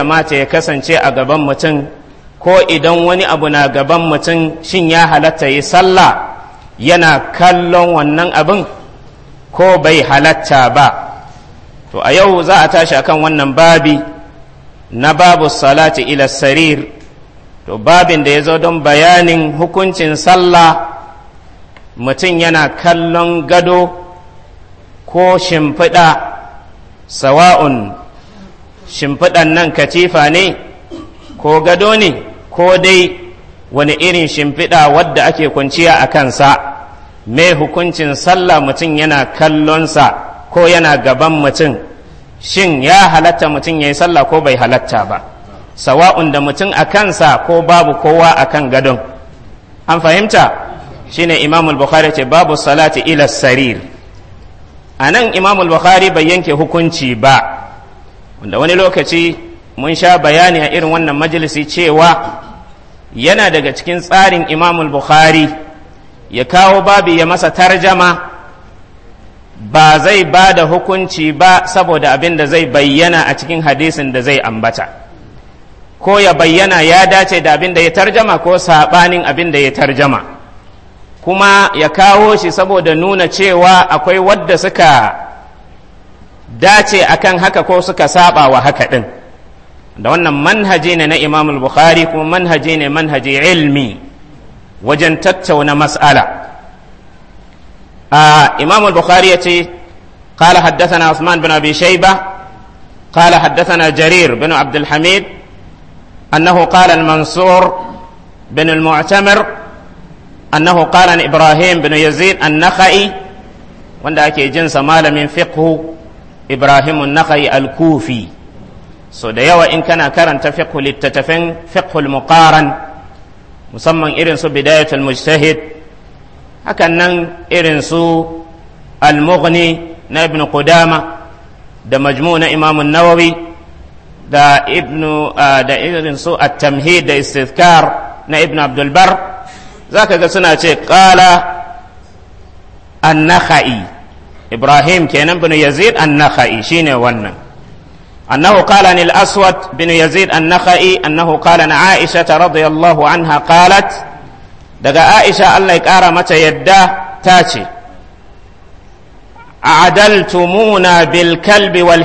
kamata ya kasance a gaban mutum ko idan wani abu na gaban mutum shin ya halatta yi sallah yana kallon wannan abin ko bai halatta ba to a yau za a tashi akan wannan babi na babu salati ila sarir to babin da ya zo don bayanin hukuncin sallah mutum yana kallon gado ko shimfiɗa sawa'un shimfiɗan nan katifa ne ko gado ne ko dai wani irin shimfiɗa wadda ake kwanciya a kansa me hukuncin sallah mutum yana kallonsa ko yana gaban mutum shin ya halatta mutum ya yi sallah ko bai halatta ba sawa'un da mutum a kansa ko babu kowa a kan gadon an fahimta shine imamul bukhari ce babu salati ila sarir a nan imamul bukhari bai yanke hukunci ba wanda wani lokaci mun sha bayani a irin wannan majalisi cewa yana daga cikin tsarin imamul bukhari ya kawo babi ya masa tarjama ba zai ba da hukunci ba saboda abin da zai bayyana a cikin hadisin da zai ambata ko ya bayyana ya dace da abin da ya tarjama ko saɓanin abin da ya tarjama kuma ya kawo shi saboda nuna cewa akwai wadda suka dace akan haka ko suka saba wa haka ɗin da wannan manhaji ne na imam bukhari kuma manhaji ne manhaji ilmi wajen tattauna mas'ala ah, imam bukhari ya ce kala haddasa Usman bin abi shaiba kala jarir bin abdulhamid أنه قال المنصور بن المعتمر أنه قال إبراهيم بن يزيد النخعي وندا أكي جنس مال من فقه ibrahimu nakhai al-kufi sau da yawa in kana karanta fiqh littattafan fiqh muqaran musamman irin su bidayatul mujtahid hakan nan irin su al-mughni na ibn qudama da majmu na nawawi da ibn da irin su at da istizkar na ibn Abdulbar bar zaka ga suna ce qala an-nakhai ibrahim kenan bin yazid an-nakhai shine wannan annahu qala anil aswad bin yazid an-nakhai annahu qala aisha ta radiyallahu anha qalat daga aisha Allah ya kara mata yadda ta ce a'adaltumuna bil kalbi wal